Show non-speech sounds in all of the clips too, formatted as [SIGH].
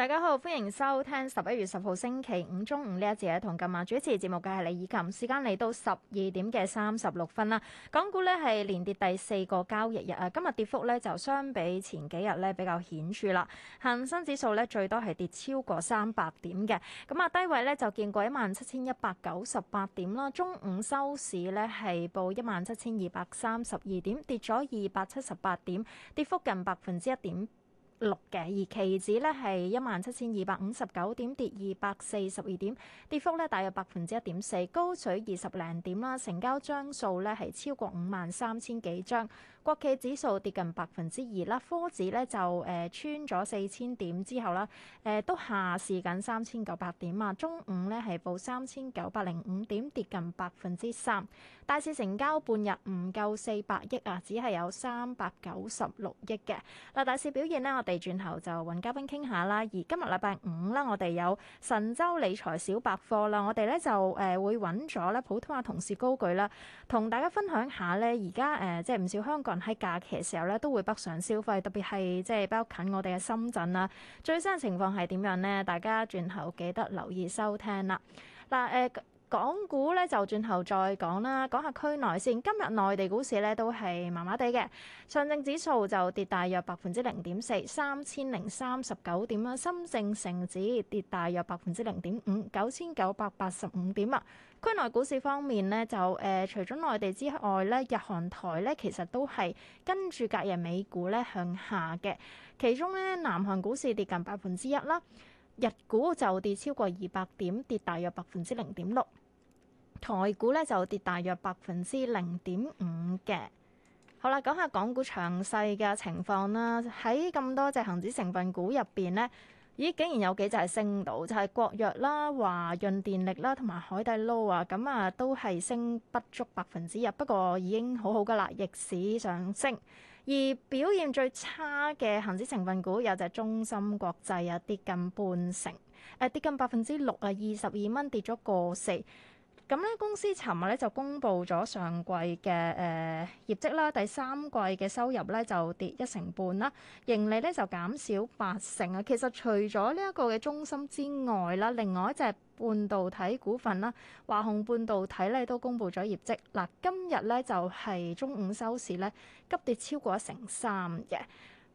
大家好，歡迎收聽十一月十號星期五中午呢一節嘅同今晚主持節目嘅係李以琴。時間嚟到十二點嘅三十六分啦，港股呢係連跌第四個交易日啊，今日跌幅呢就相比前幾日呢比較顯著啦。恒生指數呢最多係跌超過三百點嘅，咁啊低位呢就見過一萬七千一百九十八點啦。中午收市呢係報一萬七千二百三十二點，跌咗二百七十八點，跌幅近百分之一點六嘅，而期指呢，係一萬七千二百五十九點，跌二百四十二點，跌幅呢，大約百分之一點四，高水二十零點啦，成交張數呢，係超過五萬三千幾張。國企指數跌近百分之二啦，科指呢，就誒、呃、穿咗四千點之後啦，誒、呃、都下試緊三千九百點啊，中午呢，係報三千九百零五點，跌近百分之三。大市成交半日唔夠四百億啊，只係有三百九十六億嘅。嗱、啊，大市表現呢。我。嚟轉頭就揾嘉賓傾下啦，而今日禮拜五啦，我哋有神州理財小百科啦，我哋咧就誒會揾咗咧普通話同事高舉啦，同大家分享下咧而家誒即係唔少香港人喺假期嘅時候咧都會北上消費，特別係即係比較近我哋嘅深圳啦，最新嘅情況係點樣呢？大家轉頭記得留意收聽啦。嗱、呃、誒。港股咧就轉頭再講啦，講下區內先。今日內地股市咧都係麻麻地嘅，上證指數就跌大約百分之零點四，三千零三十九點啦。深證成指跌大約百分之零點五，九千九百八十五點啊。區內股市方面咧就誒、呃，除咗內地之外咧，日韓台咧其實都係跟住隔日美股咧向下嘅。其中咧南韓股市跌近百分之一啦，日股就跌超過二百點，跌大約百分之零點六。台股咧就跌大約百分之零點五嘅。好啦，講下港股詳細嘅情況啦。喺咁多隻恒指成分股入邊呢，咦，竟然有幾隻係升到，就係、是、國藥啦、華潤電力啦、同埋海底撈啊。咁啊，都係升不足百分之一，不過已經好好噶啦，逆市上升。而表現最差嘅恒指成分股有隻中芯國際啊，跌近半成，誒、啊、跌近百分之六啊，二十二蚊跌咗個四。咁咧，公司尋日咧就公布咗上季嘅誒、呃、業績啦，第三季嘅收入咧就跌一成半啦，盈利咧就減少八成啊。其實除咗呢一個嘅中芯之外啦，另外一隻半導體股份啦、啊，華虹半導體咧都公布咗業績。嗱，今日咧就係、是、中午收市咧急跌超過一成三嘅。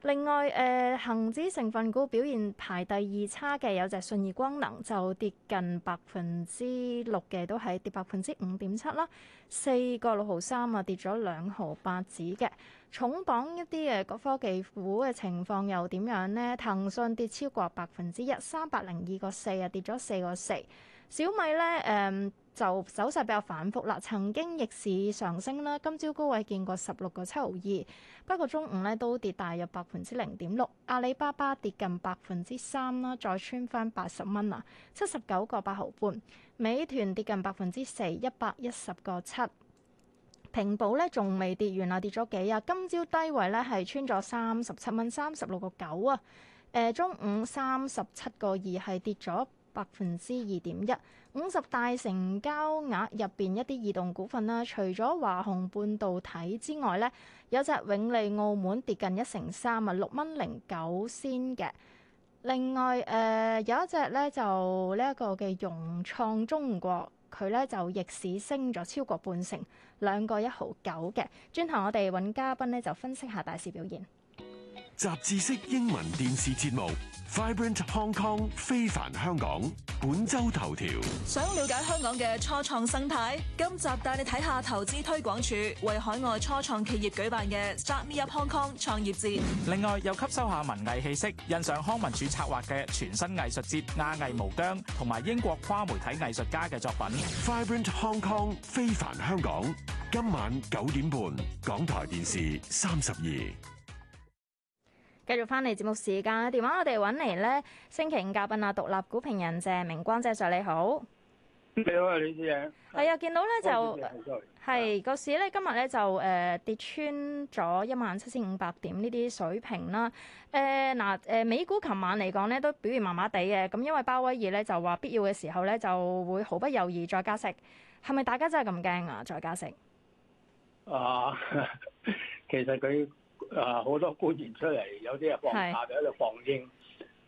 另外，誒恆指成分股表現排第二差嘅有隻信義光能就跌近百分之六嘅，都係跌百分之五點七啦。四個六毫三啊，跌咗兩毫八子嘅。重磅一啲嘅個科技股嘅情況又點樣呢？騰訊跌超過百分之一，三百零二個四啊，跌咗四個四。小米咧，誒、嗯、就走勢比較反覆啦。曾經逆市上升啦，今朝高位見過十六個七毫二，不過中午咧都跌大約百分之零點六。阿里巴巴跌近百分之三啦，再穿翻八十蚊啊，七十九個八毫半。美團跌近百分之四，一百一十個七。平保咧仲未跌完啊，跌咗幾日？今朝低位咧係穿咗三十七蚊，三十六個九啊。誒，中午三十七個二係跌咗。百分之二點一，五十大成交額入邊一啲異動股份啦，除咗華虹半導體之外咧，有隻永利澳門跌近一成三啊，六蚊零九仙嘅。另外誒、呃、有一隻咧就呢一個嘅融創中國，佢咧就逆市升咗超過半成，兩個一毫九嘅。轉頭我哋揾嘉賓咧就分析下大市表現。雜誌式英文電視節目，Vibrant Hong Kong 非凡香港。本周頭條，想了解香港嘅初創生態，今集帶你睇下投資推廣處為海外初創企業舉辦嘅 Start Me Up Hong Kong 創業節。另外又吸收下文藝氣息，欣賞康文署策劃嘅全新藝術節亞藝無疆同埋英國跨媒體藝術家嘅作品。Vibrant Hong Kong 非凡香港，今晚九點半，港台電視三十二。繼續翻嚟節目時間，電話我哋揾嚟咧，星期五嘉賓啊，獨立股評人謝明光謝，Sir 你好。你好啊，李小姐。係、哦、是啊，見到咧就係個市咧，今日咧就誒、呃、跌穿咗一萬七千五百點呢啲水平啦。誒、呃、嗱，誒、呃、美股琴晚嚟講咧都表現麻麻地嘅，咁因為鮑威爾咧就話必要嘅時候咧就會毫不猶豫再加息，係咪大家真係咁驚啊？再加息。啊，其實佢。啊！好、uh, 多官員出嚟，有啲啊放下就喺度放聲。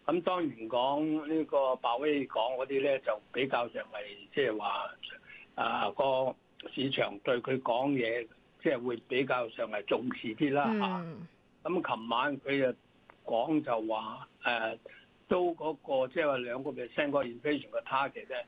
咁、 [NOISE] 啊、當然講呢個鮑威講嗰啲咧，就比較上係即係話啊個市場對佢講嘢，即係會比較上係重視啲啦嚇。咁琴、 [NOISE] 啊啊、晚佢就講就話誒、啊，都嗰、嗰個即係話兩個 percent 個 inflation 嘅 target 咧。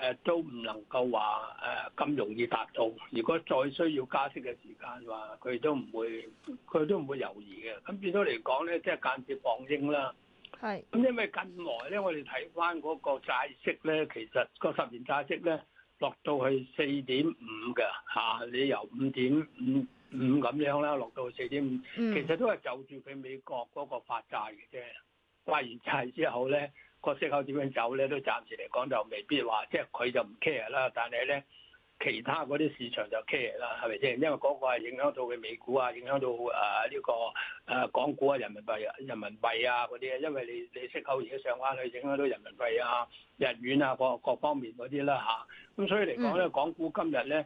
誒都唔能夠話誒咁容易達到。如果再需要加息嘅時間話，佢都唔會，佢都唔會猶豫嘅。咁變咗嚟講咧，即係間接放鷹啦。係。咁因為近來咧，我哋睇翻嗰個債息咧，其實個十年債息咧落到去四點五嘅嚇，你由五點五五咁樣啦，落到去四點五，其實都係就住佢美國嗰個發債嘅啫。掛完債之後咧，個息口點樣走咧，都暫時嚟講就未必話，即係佢就唔 care 啦。但係咧，其他嗰啲市場就 care 啦，係咪先？因為嗰個係影響到佢美股啊，影響到誒呢個誒港股啊、人民幣、人民幣啊嗰啲。因為你你息口而家上返去，影響到人民幣啊、日元啊各各方面嗰啲啦吓，咁所以嚟講咧，港股今日咧。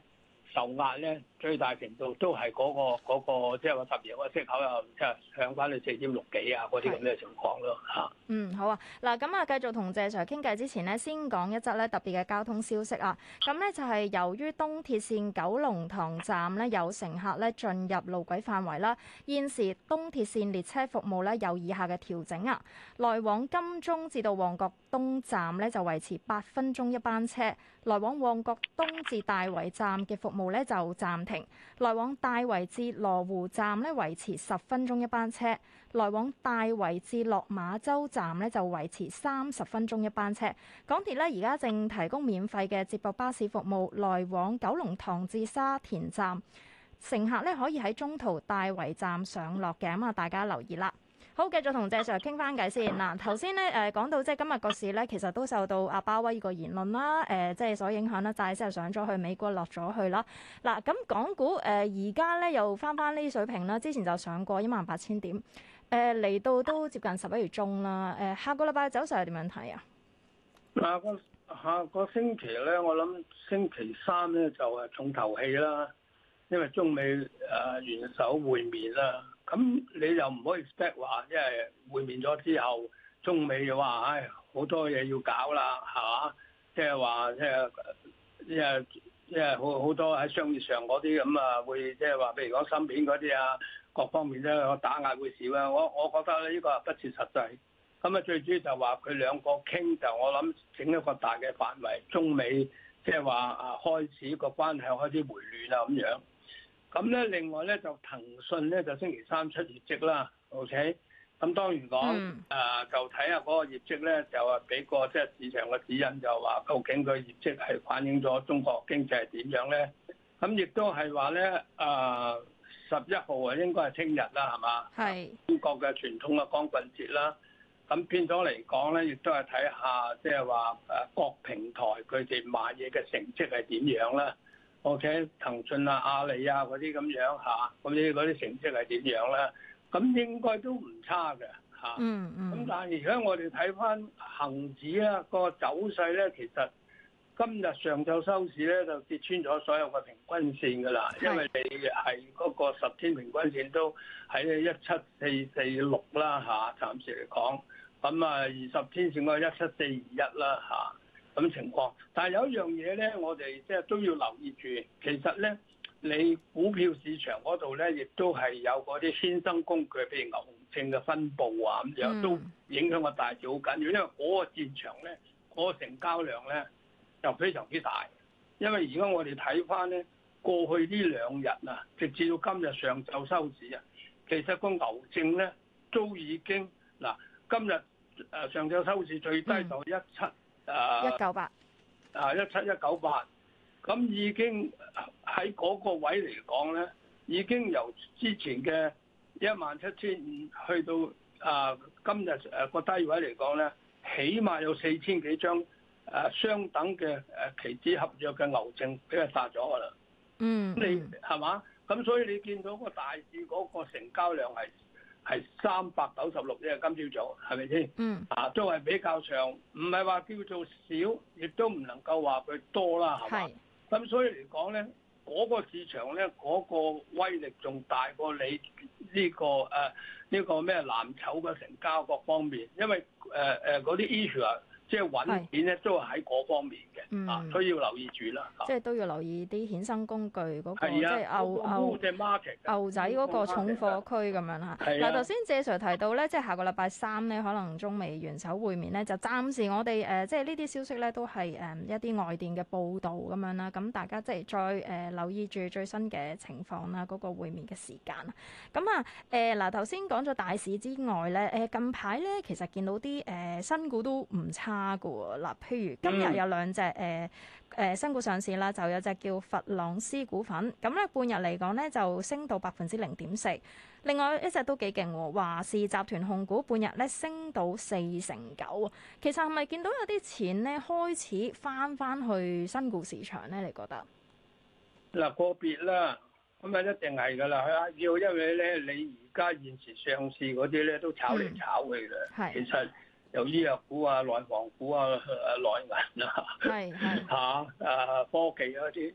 受壓咧，最大程度都係嗰、嗰個即係、嗰個十日個息口又即係上翻到四點六幾啊，嗰啲咁嘅情況咯嚇。嗯，好啊，嗱，咁啊，繼續同謝才傾偈之前呢，先講一則咧特別嘅交通消息啊。咁呢，就係由於東鐵線九龍塘站呢有乘客咧進入路軌範圍啦，現時東鐵線列車服務咧有以下嘅調整啊。來往金鐘至到旺角東站呢就維持八分鐘一班車，來往旺角東至大圍站嘅服務。咧就暫停，來往大圍至羅湖站咧維持十分鐘一班車，來往大圍至落馬洲站咧就維持三十分鐘一班車。港鐵咧而家正提供免費嘅接駁巴士服務，來往九龍塘至沙田站，乘客咧可以喺中途大圍站上落嘅，咁啊大家留意啦。好，繼續同謝 Sir 傾翻偈先。嗱，頭先咧誒講到即係今日個市咧，其實都受到鮑威爾依個言論啦，誒、呃、即係所影響啦，債先上咗去，美國落咗去啦。嗱，咁港股誒而家咧又翻翻呢水平啦，之前就上過一萬八千點，誒、呃、嚟到都接近十一月中啦。誒，下個禮拜嘅走勢係點樣睇啊？嗱，下個星期咧，我諗星期三咧就係、是、重頭戲啦，因為中美誒、呃、元首會面啦、啊。咁你又唔可以 expect 話，因為會面咗之後，中美就話唉好多嘢要搞啦，係嘛？即係話即係即係即係好好多喺商業上嗰啲咁啊，會即係話譬如講芯片嗰啲啊，各方面咧個打壓會少啊。我我覺得呢個不切實際。咁啊，最主要就話佢兩個傾，就我諗整一個大嘅範圍，中美即係話啊開始個關係開始，開始回暖啊咁樣。咁咧，另外咧就騰訊咧就星期三出業績啦，OK。咁當然講，誒、嗯呃、就睇下嗰個業績咧，就話俾個即係市場嘅指引就，就話究竟佢業績係反映咗中國經濟係點樣咧？咁亦都係話咧，誒十一號啊，應該係聽日啦，係嘛？係是。中國嘅傳統嘅光棍節啦，咁變咗嚟講咧，亦都係睇下即係話誒各平台佢哋買嘢嘅成績係點樣啦。我睇，okay. 騰訊啊、阿里啊嗰啲咁樣嚇，咁啲嗰啲成績係點樣咧？咁應該都唔差嘅嚇。嗯、啊、嗯。咁、mm hmm. 但係而家我哋睇翻恒指啊個走勢咧，其實今日上晝收市咧就跌穿咗所有嘅平均線㗎啦。Mm hmm. 因為你係嗰個十天平均線都喺一七四四六啦嚇，暫時嚟講。咁啊，二十天線嗰個一七四二一啦嚇。咁情況，但係有一樣嘢咧，我哋即係都要留意住。其實咧，你股票市場嗰度咧，亦都係有嗰啲衍生工具，譬如牛熊證嘅分佈啊，咁樣都影響個大市好緊要。因為嗰個戰場咧，嗰、嗰個成交量咧又非常之大。因為而家我哋睇翻咧，過去呢兩日啊，直至到今日上晝收市啊，其實個牛證咧都已經嗱，今日誒上晝收市最低就一七、嗯。一九八，啊一七一九八，咁已經喺嗰個位嚟講咧，已經由之前嘅一萬七千五去到啊、uh, 今日誒個低位嚟講咧，起碼有四千幾張誒、uh, 相等嘅誒期指合約嘅牛證俾佢殺咗㗎啦。嗯、mm，hmm. 你係嘛？咁所以你見到個大市嗰個成交量係。係三百九十六呢啫，6, 今朝早係咪先？嗯，啊、mm. 都係比較長，唔係話叫做少，亦都唔能夠話佢多啦，係嘛？咁、mm. 所以嚟講咧，嗰、那個市場咧，嗰、那個威力仲大過你呢、這個誒呢、呃這個咩藍籌嘅成交各方面，因為誒誒嗰啲 issue。呃即係揾錢咧，都係喺嗰方面嘅，mm, 啊，所以要留意住啦。即係都要留意啲衍生工具嗰個，即係牛牛仔嗰個重貨區咁樣嚇。嗱，頭先謝 Sir 提到咧，即係下個禮拜三咧，可能中美元首會面咧，就暫時我哋誒、呃，即係呢啲消息咧，都係誒一啲外電嘅報道咁樣啦。咁大家即係再誒、呃、留意住最新嘅情況啦，嗰、嗰個會面嘅時間咁啊誒嗱，頭先講咗大市之外咧，誒近排咧其實見到啲誒、呃、新股都唔差。啊，嗰嗱、嗯，譬如今日有兩隻誒誒新股上市啦，就有隻叫佛朗斯股份，咁咧半日嚟講咧就升到百分之零點四。另外一隻都幾勁，華氏集團控股半日咧升到四成九。其實係咪見到有啲錢咧開始返返去新股市場咧？你覺得？嗱，個別啦，咁啊一定係噶啦，係啊，要因為咧你而家現時上市嗰啲咧都炒嚟炒去啦，其實。由醫藥股啊、內房股啊、內銀啊，係係嚇科技嗰啲。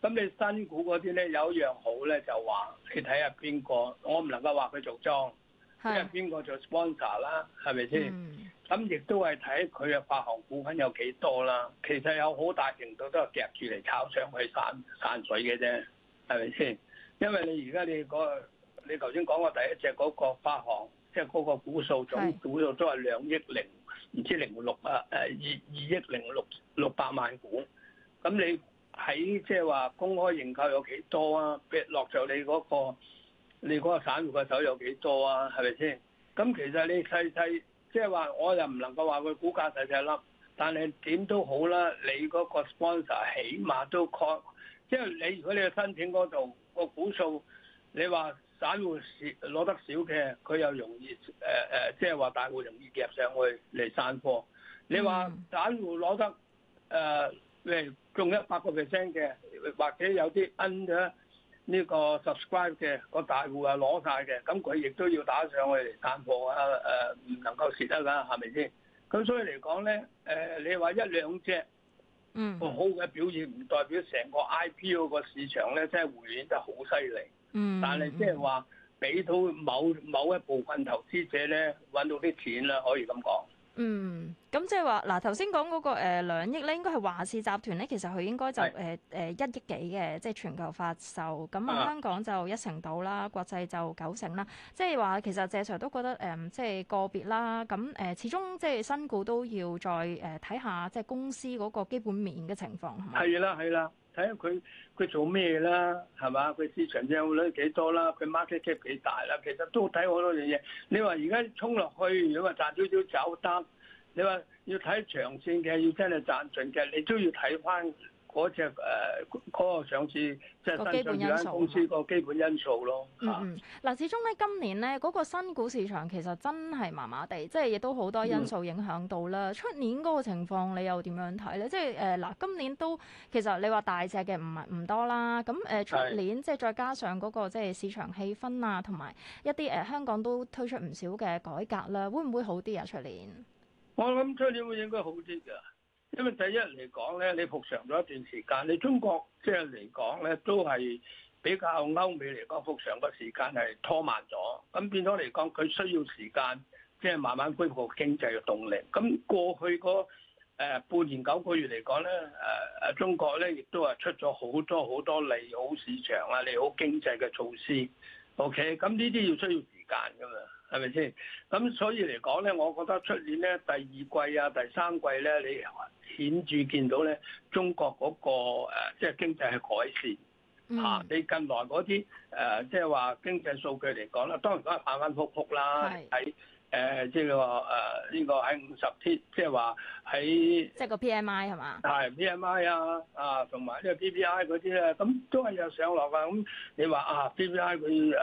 咁你新股嗰啲咧有一樣好咧，就話你睇下邊個，我唔能夠話佢做莊，即係邊個做 sponsor 啦，係咪先？咁亦、嗯、都係睇佢嘅發行股份有幾多啦。其實有好大程度都係夾住嚟炒上去散散水嘅啫，係咪先？因為你而家你、個你頭先講過第一隻嗰個發行。即係嗰個股數總股數都係兩億零唔知零六啊，誒二二億零六六百萬股，咁你喺即係話公開認購有幾多啊？跌落咗你嗰個你嗰個散戶嘅手有幾多啊？係咪先？咁其實你細細即係話，我又唔能夠話佢股價細細粒，但係點都好啦。你嗰個 sponsor 起碼都確，即係你如果你去申請嗰度個股數，你話。散戶少攞得少嘅，佢又容易誒誒，即係話大戶容易夾上去嚟散貨。你話散戶攞得誒，例如中一百個 percent 嘅，或者有啲 under 呢個 subscribe 嘅，個大戶啊攞晒嘅，咁佢亦都要打上去嚟散貨啊！誒、呃，唔能夠蝕得㗎，係咪先？咁所以嚟講咧，誒、呃，你話一兩隻嗯好嘅表現，唔代表成個 IPO 個市場咧，即係回軟得好犀利。嗯，但係即係話俾到某某一部分投資者咧，揾到啲錢啦，可以咁講。嗯，咁即係話嗱，頭先講嗰個誒兩億咧，應該係華氏集團咧，其實佢應該就誒誒一億幾嘅，即係全球發售，咁啊香港就一成到啦，國際就九成啦。即係話其實謝 Sir 都覺得誒、呃，即係個別啦，咁誒、呃、始終即係新股都要再誒睇下即係公司嗰個基本面嘅情況係咪？係啦，係啦。睇下佢佢做咩啦，係嘛？佢市場佔有率幾多啦？佢 market cap 幾大啦？其實都睇好多樣嘢。你話而家衝落去，如果話賺少少走單，你話要睇長線嘅，要真係賺盡嘅，你都要睇翻。嗰隻誒嗰個上市即係基本因素，公司個基本因素咯。嗯嗱，始終咧今年咧嗰個新股市場其實真係麻麻地，即係亦都好多因素影響到啦。出年嗰個情況你又點樣睇咧？即係誒嗱，今年都其實你話大隻嘅唔係唔多啦。咁誒出年即係再加上嗰個即係市場氣氛啊，同埋一啲誒香港都推出唔少嘅改革啦，會唔會好啲啊？出年？我諗出年會應該好啲㗎。因為第一嚟講咧，你復常咗一段時間，你中國即係嚟講咧，都係比較歐美嚟講復常嘅時間係拖慢咗，咁變咗嚟講佢需要時間，即係慢慢恢復經濟嘅動力。咁過去嗰、呃、半年九個月嚟講咧，誒誒中國咧亦都係出咗好多好多利好市場啊、利好經濟嘅措施。OK，咁呢啲要需要時間㗎嘛。係咪先？咁所以嚟講咧，我覺得出年咧第二季啊、第三季咧，你顯著見到咧中國嗰、嗰個、呃、即係經濟係改善嚇、啊。你近來嗰啲誒，即係話經濟數據嚟講咧，當然都係反反覆覆啦，喺誒即係個誒呢個喺五十天，即係話喺即係個 P M I 係嘛？係 P M I 啊啊，同埋呢個 P P I 嗰啲咧，咁都係有上落噶。咁你話啊 P P I 佢。啲誒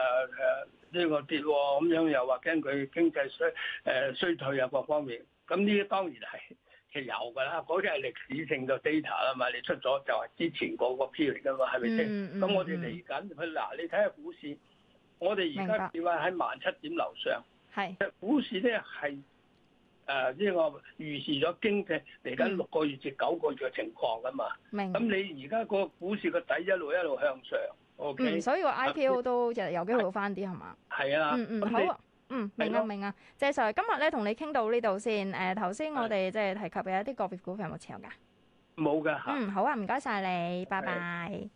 呢個跌咁、哦、樣又話驚佢經濟衰誒、呃、衰退啊各方面，咁呢啲當然係係有㗎啦。嗰啲係歷史性嘅 data 啊嘛，你出咗就係之前嗰個 period 㗎嘛，係咪先？咁、嗯嗯、我哋嚟緊去嗱，嗯嗯、你睇下股市，我哋而家點話喺萬七點樓上，係是，股市咧係誒呢、呃這個預示咗經濟嚟緊六個月至九個月嘅情況啊嘛。明、咁、嗯嗯、你而家個股市個底一路一路，一路一路向上。Okay. 嗯，所以個 IPO 都就係有機會翻啲係嘛？係啊，啊嗯嗯，好啊，嗯，明啊明啊，謝 sir 就係今日咧，同你傾到呢度先。誒，頭先我哋即係提及嘅一啲個別股份有冇持有噶？冇噶，嗯，好啊，唔該晒你，拜拜。